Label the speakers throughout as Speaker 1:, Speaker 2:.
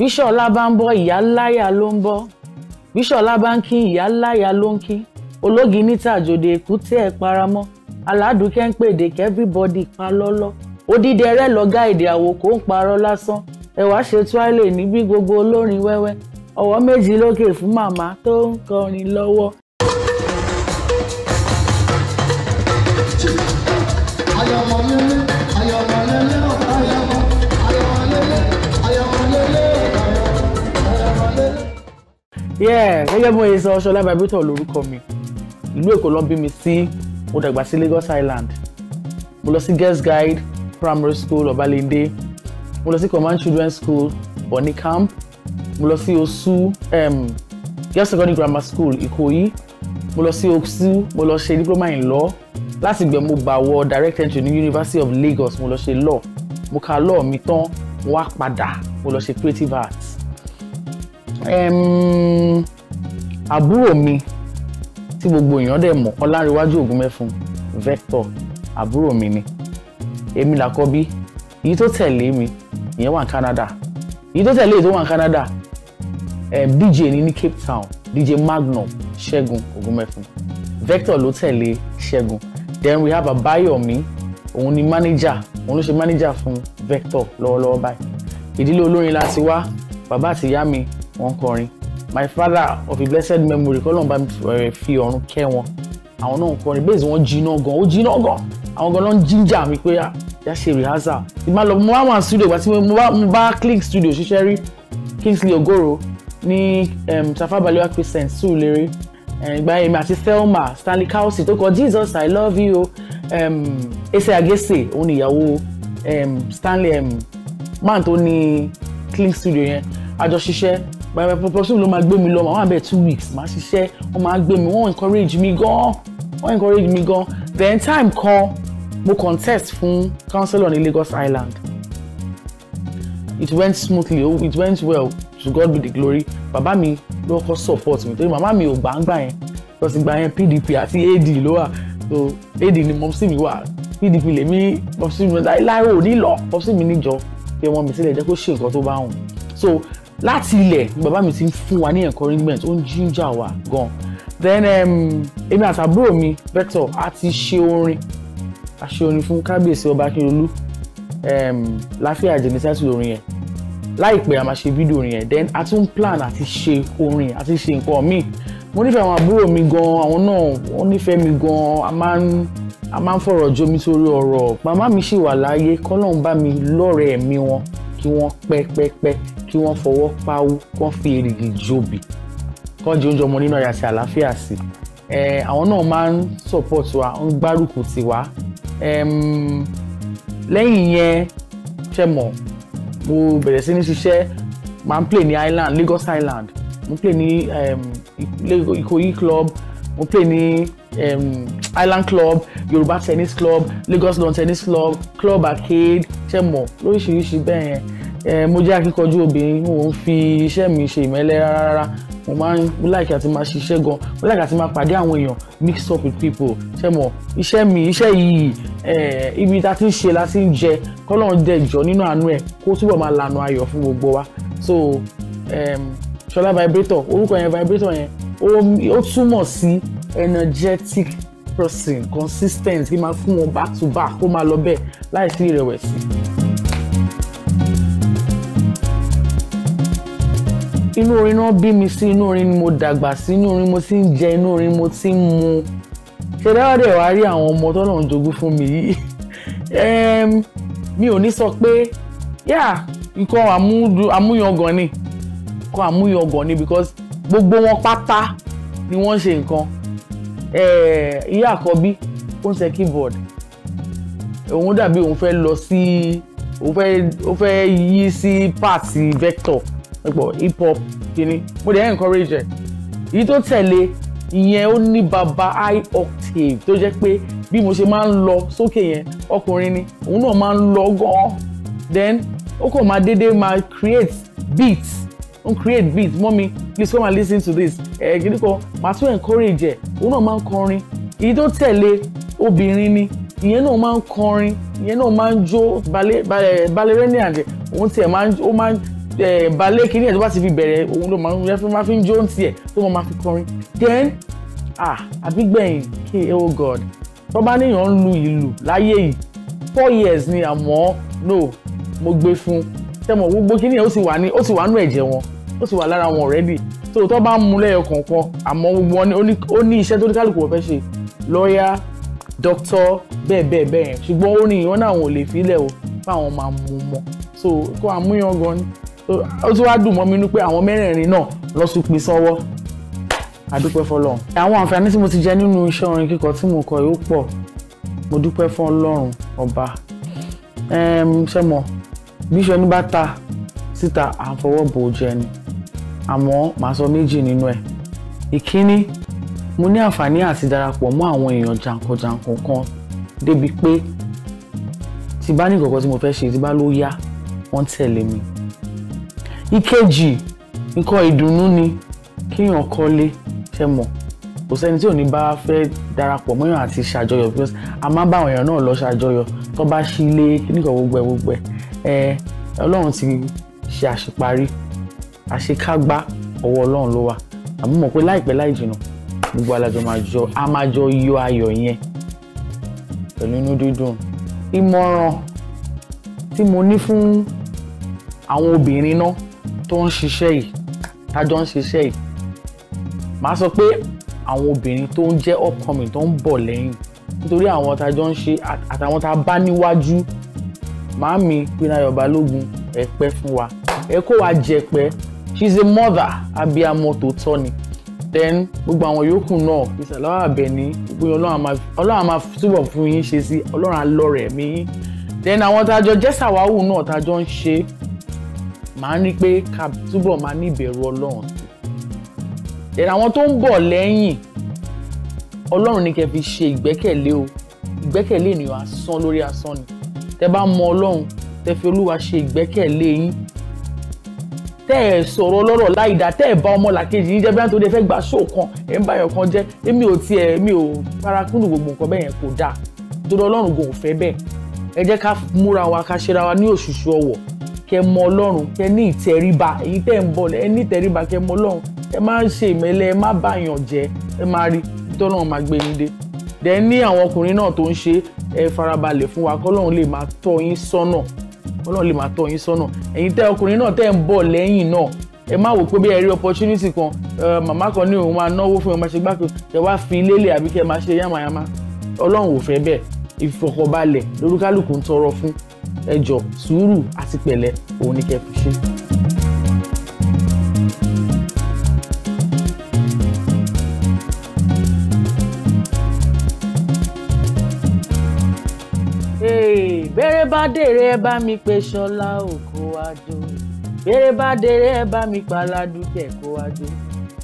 Speaker 1: bíṣọ̀lá bá ń bọ́ ìyá láyà ló ń bọ́ bíṣọ̀lá bá ń kí ìyá láyà ló ń kí ológi níta àjòdè èkúté ẹ̀ paramọ́ aládùúkẹ́ ń pèdè kẹ́fíbọ́dì pa lọ́lọ́ odídẹrẹ́ lọ́gá èdè àwòkọ́ ń parọ́ lásán ẹ̀wá ṣe tuwálé níbí gbogbo olórin wẹ́wẹ́ ọwọ́ méjì lókè fún màmá tó ń kọrin lọ́wọ́. àyàmọ̀ mi ní
Speaker 2: Yeah, bó ṣe sọ Ṣọlá Vibrator lórúkọ mi ìlú Èkó ló bí mi sí mo dàgbà sí Lagos Island mo lọ sí guest Guide Primary School Ọbalende mo lọ sí Command Children's School Bonny Camp mo lọ sí Osu um, Girls Secondary Grammar School Ikoyi mo lọ sí Osu mo lọ ṣe diploma in law láti gbẹ mo gbà wọ direct entry ní University of Lagos mo lọ ṣe law mo ka law mi tán mo wá padà mo lọ ṣe creative arts àbúrò mi tí gbogbo èèyàn dẹ̀ mọ̀ ọlárẹ̀wájú ògúnmẹ́fun vector àbúrò mi ni èmi làkọ́bí èyí tó tẹ̀lé mi ìyẹn wà ní Canada èyí tó tẹ̀lé èyí tó wà ní Canada eh, dj ni ní Cape Town dj Magnum ṣẹ́gun ògúnmẹ́fun vector ló tẹ̀lé ṣẹ́gun then we have àbáyọ̀mí òun ni manager òun ló ṣe manager fún vector lọ́wọ́lọ́wọ́ báyìí ìdílé olórin la ti wá bàbá àtìyá mi wọ́n kọrin my father of a blessed memory kọ́lọ́n bá eh, fi ọ̀run kẹ́ wọn àwọn náà ń kọrin bẹ́ẹ̀ sì wọ́n jiná gan ó jiná gan àwọn gan ló ń jíjà mi pé ah, yá ṣe rìhásà tí máa lọ mo bá wọn studio ìgbà tí mo bá click studio ṣiṣẹ́ rí Kingsley Ogoro ní Tafa Balewa Christian Sue, lérí eh, ìgbà yẹn mi àti Thelma Stanley Kausi, tó kọ Jesus I love you Ese Agese òun ni ìyàwó Stanley man tó ní Kingsley studio yẹn àjọṣiṣẹ́ bàbá pọpọsùn ló máa gbé mi lọ màá wà two weeks màá ṣiṣẹ́ wọ́n máa gbé mi wọ́n encourage mi gan wọ́n encourage mi gan then time kan mo contest fún councillor ní Lagos Island it went smoothly oh, it went well to God be the glory bàbá mi ló kọ́ support mi torí màmá mi ò gbàǹgbà yẹn lọ́sì gbà yẹn PDP àti AD ló wà so AD ni mọ̀mísí mi wà PDP lèmi mọ̀mísí mi láì láì ò ní lọ mọ̀mísí mi níjọ pé wọ́n mi sílẹ̀ jẹ́ kó ṣe nǹkan tó bá wù so láti ilẹ̀ bàbá mi ti ń fún wa ní encouragement ó ń jíjà wa gan then um, èmi àtàbúrò mi Vector a ti ṣe orin a ṣe orin fún kábíyèsí ọba akérolú um, láfíà jẹnẹsẹ́tì orin yẹn láìpẹ́ a máa ṣe fídíò orin yẹn then a tún plan àti ṣe orin àti ṣe nǹkan míì mo nífẹ̀ẹ́ àwọn àbúrò mi gan àwọn náà wọ́n nífẹ̀ẹ́ mi gan a máa ń a máa ń fọ̀rọ̀ jomi torí ọ̀rọ̀ màmá mi ṣì wà láàyè kọ́lọ́n bá mi lọ́rẹ̀ẹ́ mi wọn kí wọ́n pẹ́pẹ́pẹ́ kí wọ́n fọwọ́ pawú kí wọ́n fi èrìgì jòbì kí wọ́n jẹ oúnjẹ ọmọ nínú ayàtì àlàáfíà sí i àwọn náà máa ń support wa ń gbárùkù tì wá lẹ́yìn yẹn ṣe mọ̀ mo bẹ̀rẹ̀ sí ní ṣiṣẹ́ máa ń play ní island Lagos Island mo play ní Ikoyi club mo play ní um, Island club Yorùbá tennis club Lagos lawn tennis club club arcade ṣe mọ̀ lóríṣiríṣi bẹ́ẹ̀ yẹn mo jẹ́ akíkanjú obìnrin mo ń fi iṣẹ́ mi ṣe ìmẹ́lẹ́ rárá mo máa ń láìkí àti máa ṣiṣẹ́ gan mo láìkí àti máa pàdé àwọn èèyàn mix up with people ṣe mọ̀ iṣẹ́ mi iṣẹ́ yìí ibi tá a ti ń ṣe la ti ń jẹ kọ́lọ́n dẹ̀ jọ nínú àánú ẹ̀ kó túbọ̀ máa lànà ayọ̀ fún gbogbo wa so ṣọlá vibrator orúkọ yẹn vibrator yẹn ó túmọ̀ sí energetic person consistent kí máa fún wọn back to back kó máa lọ bẹ́ẹ̀ láì sí ìrẹ̀wẹ̀sì. inú orin náà bí mi sí inú orin ni mo dàgbà sí inú orin mo ti ń jẹ inú orin mo ti ń mu ṣe dáwọ́ dẹ̀ wá rí àwọn ọmọ tọ́lọ̀ ń jogún fún mi yìí mi ò ní sọ pé yà nǹkan àmúyangàn ni nǹkan àmúyangàn ni because gbogbo wọn pátá ni wọ́n ṣe nǹkan ìyá àkọ́bí ó ń ṣe keyboard òun dàbí òun fẹ́ lọ sí òun fẹ́ ó fẹ́ yí sí pààtì vector pípọ̀ hip hop kìíní mo dẹ̀ encourage ẹ̀ èyí tó tẹ̀lé ìyẹn ó ní baba high octave tó jẹ́ pé bí mo ṣe máa ń lọ sókè yẹn ọkùnrin ni òun náà máa ń lọ gan-an then ó kàn máa déédéé máa create beats ó create beat mommy. please come and listen to this ẹ̀ gidi kan màá tún encourage ẹ̀ òun náà máa ń kọrin èyí tó tẹ̀lé obìnrin ni ìyẹn náà máa ń kọrin ìyẹn náà máa ń jó balẹ̀rẹ́nì àjẹ́ òun tiẹ̀ máa ń ó máa ń balẹ̀ kí ni ẹ̀ tó bá ti fi bẹ̀rẹ̀ òun ló máa ń rẹ́fí máa fi ń jó tiẹ̀ tó máa máa fi kọrin then ah àbígbẹ̀yìn k oh god tó bá níyàn ń lu ìlù láyé yìí four years ni àmọ́ no mo gbé fún un tẹmọ gbogbo kí nìyẹn ó sì wà ní ó sì wà nù ẹ̀jẹ̀ wọn ó sì wà lára wọn already tó tó bá ń mu lẹ́yọ kọ̀ọ̀kan àmọ́ gbogbo wọn ó ní iṣẹ́ tó ní kálukú wọn fẹ́ ṣe lọ́ọ̀yà dókítọ̀ bẹ́ẹ̀ bẹ́ẹ̀ bẹ́ẹ̀ yẹn ṣùgbọ́n ó ní ìwọ́n náà wọn ò lè filẹ̀ o fáwọn máa mú mọ́ so kó àmúyàn gan ni ó tún wá dùn mọ́ mi nú pé àwọn mẹ́rẹ̀ẹ̀rin náà lọ sí pin sanwó àdúpẹ́ fọlọ́run. àwọn àǹfààní tí mo ti jẹ nínú iṣẹ́ orin kíkọ tí mo kọ yóò pọ̀ mo dúpẹ́ fún ọlọ́run ọba ṣẹ́mọ̀ bíṣọ ní bá ta síta à ń fọwọ́ bò ó ni àmọ́ màá sọ méjì nínú ẹ̀ ìkíní mo ní àǹfààní àti darapọ̀ mọ́ àwọn èèyàn jàǹkànjàǹkàn kan débi pé tí bá ní kọ̀ọ̀kan tí mo fẹ́ ṣe tí bá ló yá wọ́n tẹ̀lé mi ìkejì nǹkan ìdùnnú ni kéèyàn kọ́lé ṣe mọ̀ kò sẹ́ni tí ò ní bá fẹ́ darapọ̀ mọ́yàn àti ṣàjọyọ̀ because a máa bá àwọn èèyàn náà lọ ṣàjọyọ̀ tó bá ṣí ilé kíníkan gbogbo ẹ̀ gbogbo ẹ̀ ẹ ọlọ́run ti ṣe àṣeparí àṣekágbá ọwọ́ ọlọ́run ló wà àmọ́ mọ̀ pé láìpẹ́ láì jìnnà gbogbo alájọ máa jọ a máa jọ yọ ayọ̀ yẹn pẹ̀lú inú dídùn ìmọ̀ràn tí mo ní fún àwọn obìnrin náà tó ń ṣiṣẹ́ yìí tájọ ń ṣiṣẹ́ yìí màá sọ pé àwọn obìnrin tó ń jẹ́ upcoming tó ń bọ̀ lẹ́yìn nítorí àwọn tájọ ń ṣe àtàwọn tá a bá níwájú màámi Pínáyọ̀ Balógun ẹ pẹ́ fún wa ẹ kó wa jẹ pẹ́ she is a mother abiyamọ tòótọ́ ni then gbogbo àwọn yòókù náà ìsàlọ́wọ́ àbẹ̀ní gbogbo ọlọ́run a máa túbọ̀ fún yín ṣe sí ọlọ́run alọ́rẹ̀ mi yín then àwọn tájọ jẹ́sàwáwù náà tájọ ń ṣe màá I pé ká túbọ̀ máa ní ìbẹ̀rù ọlọ́run then àwọn tó ń bọ̀ lẹ́yìn ọlọ́run ni kẹ́ fi ṣe ìgbẹ́kẹ̀lé o ìgbẹ́kẹ̀lé ènìyàn asán lórí asán ni tẹ́ bá mọ ọlọ́run tẹ́ fi olúwa ṣe ìgbẹ́kẹ̀lé yín tẹ́ ẹ̀ sọ̀rọ̀ lọ́rọ̀ láì dá tẹ́ ẹ̀ bá ọmọ làkejì yín jẹ́ bí wọ́n tó lè fẹ́ gba ṣóò kan ẹ̀ ń báyọ̀ kan jẹ́ èmi ò tiẹ̀ mi ò parakúndù gbogbo nǹkan bẹ́ẹ̀ yẹn kò dáa dodo ọlọ́run kò fẹ́ bẹ́ẹ̀ ẹ jẹ́ ká múra wa ká ṣera wa ní òṣùṣù ọwọ̀ kẹ́ mọ ọlọ́run kẹ́ ní ìtẹríba èyí tẹ́ ń bọ̀ ẹ ní ìtẹríba kẹ́ mọ ọlọ́run ẹ má ṣe ìmẹ́lẹ́ ẹ má bàyàn jẹ́ ẹ má rí tọ́lọ́run máa gbé yín dé dẹ̀ ní àwọn ọkùnrin náà tó ń ṣe ẹ farabalẹ̀ fún wa kọ́lọ́run lè máa tọ́ yín sọ́nà kọ́lọ́run lè máa tọ́ yín sọ́nà ẹ̀yin tẹ́ ọkùnrin náà tẹ́ ń bọ̀ lẹ́yìn náà ẹ má wò pé bí ẹ rí opportunity kan màmá kan ní òun máa náwó fún ẹ máa ṣe gbáko ẹ wá fi ilé lẹ̀ àbí kẹ máa ṣe yàmàyàmà ọlọ́run ò fẹ́ bẹ́ẹ̀ ìfọkànbalẹ̀ lórúkálùkù ń tọrọ fún ẹjọ́ sùúrù àti pẹ̀lẹ́ òun ni kẹ fi ṣe.
Speaker 1: bá dèrè ẹ bá mi pè ṣọlá òkò àjò bèrè bá dèrè ẹ bá mi pàládùkẹ kó àjò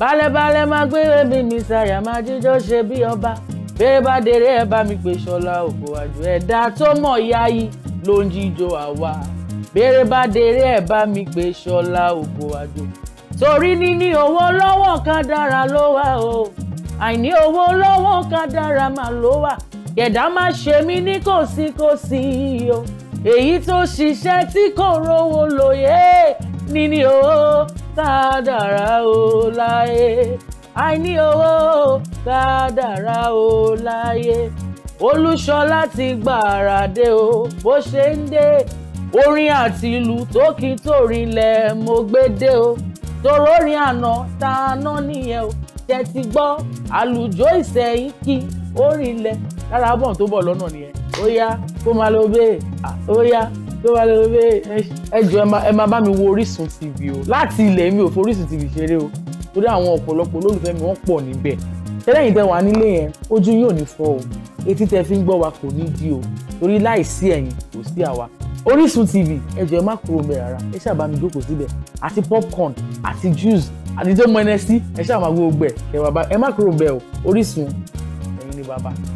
Speaker 1: balẹ̀balẹ̀ máa gbére mi mi ṣàyà máa jíjọ́ ṣe bí ọba bèrè bá dèrè ẹ bá mi pè ṣọlá òkò àjò ẹ̀dá tó mọ̀ yáyí ló ń jíjọ àwa bèrè bá dèrè ẹ bá mi pè ṣọlá òkò àjò torí níní owó lọ́wọ́ kan dára ló wà o àìní owó lọ́wọ́ kan dára mà ló wà gẹ̀dá má ṣe mí ní kòsíkòsí o èyí tó ṣiṣẹ́ tí kò rówó lóye níní owó kádàrá o láyé àìní owó kádàrá o láyé olúṣọlá ti gbàràdé o bó ṣe ń dé orin àti ìlú tó kí torin lẹ mo gbé dé o torórin àná tá a ná nìyẹn o tẹ́tí gbọ́ àlùjọ ìsẹ̀yìn kí orin lẹ lára album tó bọ̀ lọ́nà nìyẹn
Speaker 2: ó yá kó máa lọ bẹ́ẹ̀ ó yá kó máa lọ bẹ́ẹ̀ ẹ jọ ẹ máa bá mi wo Orísun TV o láti ilẹ̀ mi ò fi Orísun TV ṣeré o torí àwọn ọ̀pọ̀lọpọ̀ olólùfẹ́ mi wọ́n pọ̀ níbẹ̀ tẹ́lẹ̀yìn tẹ́ wà nílé yẹn ojú yóò ní fọ́ o etí tẹ́ fi ń gbọ́ wa kò ní di o torí láìsí ẹ̀yin kò sí àwa Orísun TV ẹ jọ̀ọ́ ẹ má kúrò ńbẹ̀ rárá ẹ ṣáà bá mi jókòó síbẹ̀ àti popcorn àti juice àti tó mọ ẹnẹ sí ẹ ṣáà máa gbogbo ẹ ẹ má kúrò ńbẹ̀ o Orísun ẹ̀yin ni bàbá.